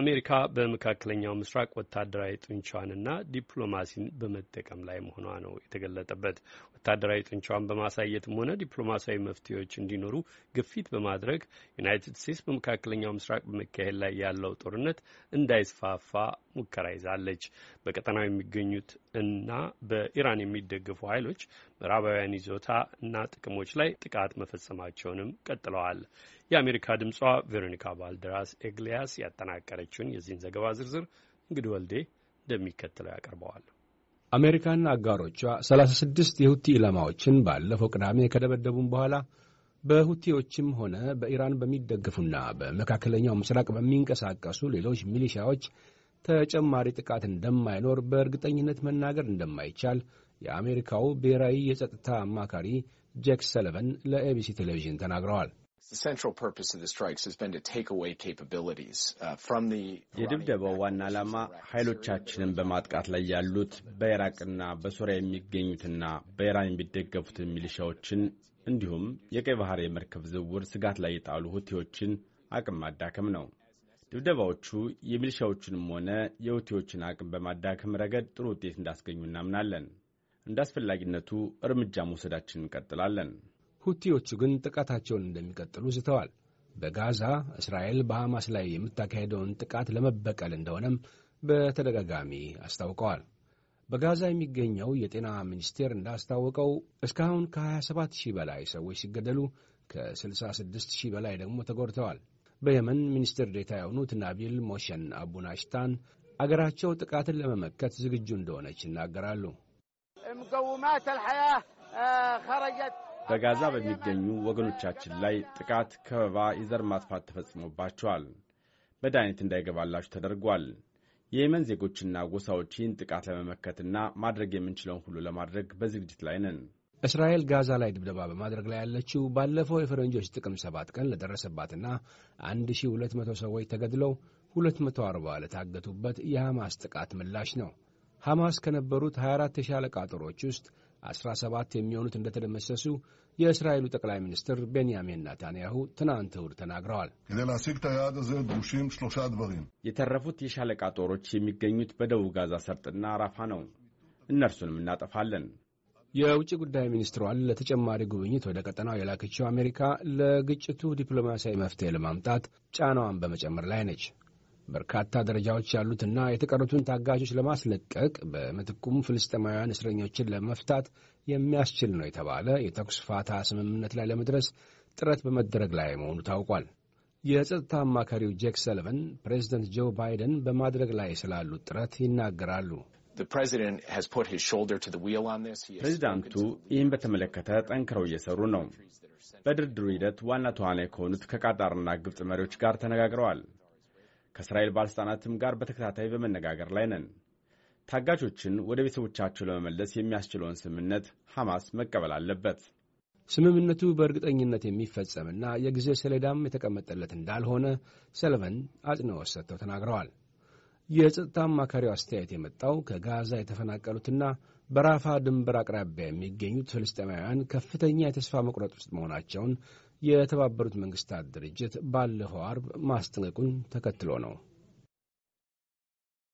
አሜሪካ በመካከለኛው ምስራቅ ወታደራዊ ጡንቻዋንና ዲፕሎማሲን በመጠቀም ላይ መሆኗ ነው የተገለጠበት። ወታደራዊ ጡንቻዋን በማሳየትም ሆነ ዲፕሎማሲያዊ መፍትሄዎች እንዲኖሩ ግፊት በማድረግ ዩናይትድ ስቴትስ በመካከለኛው ምስራቅ በመካሄድ ላይ ያለው ጦርነት እንዳይስፋፋ ሙከራ ይዛለች። በቀጠናው የሚገኙት እና በኢራን የሚደገፉ ኃይሎች ምዕራባውያን ይዞታ እና ጥቅሞች ላይ ጥቃት መፈጸማቸውንም ቀጥለዋል። የአሜሪካ ድምጿ ቬሮኒካ ባልደራስ ኤግሊያስ ያጠናቀ ያጠናቀረችውን የዚህን ዘገባ ዝርዝር እንግዲህ ወልዴ እንደሚከተለው ያቀርበዋል። አሜሪካና አጋሮቿ 36 የሁቲ ኢላማዎችን ባለፈው ቅዳሜ ከደበደቡም በኋላ በሁቲዎችም ሆነ በኢራን በሚደግፉና በመካከለኛው ምስራቅ በሚንቀሳቀሱ ሌሎች ሚሊሻዎች ተጨማሪ ጥቃት እንደማይኖር በእርግጠኝነት መናገር እንደማይቻል የአሜሪካው ብሔራዊ የጸጥታ አማካሪ ጄክ ሰለቨን ለኤቢሲ ቴሌቪዥን ተናግረዋል። The የድብደባው ዋና ዓላማ ኃይሎቻችንን በማጥቃት ላይ ያሉት በኢራቅና በሶሪያ የሚገኙትና በኢራን የሚደገፉትን ሚሊሻዎችን እንዲሁም የቀይ ባህር የመርከብ ዝውውር ስጋት ላይ የጣሉ ሁቴዎችን አቅም ማዳከም ነው። ድብደባዎቹ የሚሊሻዎቹንም ሆነ የሁቴዎችን አቅም በማዳከም ረገድ ጥሩ ውጤት እንዳስገኙ እናምናለን። እንደ አስፈላጊነቱ እርምጃ መውሰዳችን እንቀጥላለን። ሁቲዎቹ ግን ጥቃታቸውን እንደሚቀጥሉ ዝተዋል። በጋዛ እስራኤል በሐማስ ላይ የምታካሄደውን ጥቃት ለመበቀል እንደሆነም በተደጋጋሚ አስታውቀዋል። በጋዛ የሚገኘው የጤና ሚኒስቴር እንዳስታወቀው እስካሁን ከ27 ሺህ በላይ ሰዎች ሲገደሉ ከ66 ሺህ በላይ ደግሞ ተጎድተዋል። በየመን ሚኒስትር ዴታ የሆኑት ናቢል ሞሸን አቡናሽታን አገራቸው ጥቃትን ለመመከት ዝግጁ እንደሆነች ይናገራሉ። በጋዛ በሚገኙ ወገኖቻችን ላይ ጥቃት፣ ከበባ፣ የዘር ማጥፋት ተፈጽሞባቸዋል። መድኃኒት እንዳይገባላችሁ ተደርጓል። የየመን ዜጎችና ጎሳዎች ይህን ጥቃት ለመመከትና ማድረግ የምንችለውን ሁሉ ለማድረግ በዝግጅት ላይ ነን። እስራኤል ጋዛ ላይ ድብደባ በማድረግ ላይ ያለችው ባለፈው የፈረንጆች ጥቅም ሰባት ቀን ለደረሰባትና 1200 ሰዎች ተገድለው 240 ለታገቱበት የሐማስ ጥቃት ምላሽ ነው። ሐማስ ከነበሩት 24 የሻለቃ ጦሮች ውስጥ 17 የሚሆኑት እንደተደመሰሱ የእስራኤሉ ጠቅላይ ሚኒስትር ቤንያሚን ናታንያሁ ትናንት እሁድ ተናግረዋል። የተረፉት የሻለቃ ጦሮች የሚገኙት በደቡብ ጋዛ ሰርጥና ራፋ ነው። እነርሱንም እናጠፋለን። የውጭ ጉዳይ ሚኒስትሯን ለተጨማሪ ጉብኝት ወደ ቀጠናው የላከችው አሜሪካ ለግጭቱ ዲፕሎማሲያዊ መፍትሄ ለማምጣት ጫናዋን በመጨመር ላይ ነች። በርካታ ደረጃዎች ያሉትና የተቀሩትን ታጋቾች ለማስለቀቅ በምትኩም ፍልስጤማውያን እስረኞችን ለመፍታት የሚያስችል ነው የተባለ የተኩስ ፋታ ስምምነት ላይ ለመድረስ ጥረት በመደረግ ላይ መሆኑ ታውቋል። የጸጥታ አማካሪው ጄክ ሰለቨን ፕሬዚደንት ጆ ባይደን በማድረግ ላይ ስላሉት ጥረት ይናገራሉ። ፕሬዚዳንቱ ይህን በተመለከተ ጠንክረው እየሰሩ ነው። በድርድሩ ሂደት ዋና ተዋናይ ከሆኑት ከቃጣርና ግብፅ መሪዎች ጋር ተነጋግረዋል። ከእስራኤል ባለሥልጣናትም ጋር በተከታታይ በመነጋገር ላይ ነን። ታጋቾችን ወደ ቤተሰቦቻቸው ለመመለስ የሚያስችለውን ስምምነት ሐማስ መቀበል አለበት። ስምምነቱ በእርግጠኝነት የሚፈጸምና የጊዜ ሰሌዳም የተቀመጠለት እንዳልሆነ ሰለቨን አጽንኦት ሰጥተው ተናግረዋል። የጸጥታ አማካሪው አስተያየት የመጣው ከጋዛ የተፈናቀሉትና በራፋ ድንበር አቅራቢያ የሚገኙት ፍልስጤማውያን ከፍተኛ የተስፋ መቁረጥ ውስጥ መሆናቸውን የተባበሩት መንግስታት ድርጅት ባለፈው አርብ ማስጠንቀቁን ተከትሎ ነው።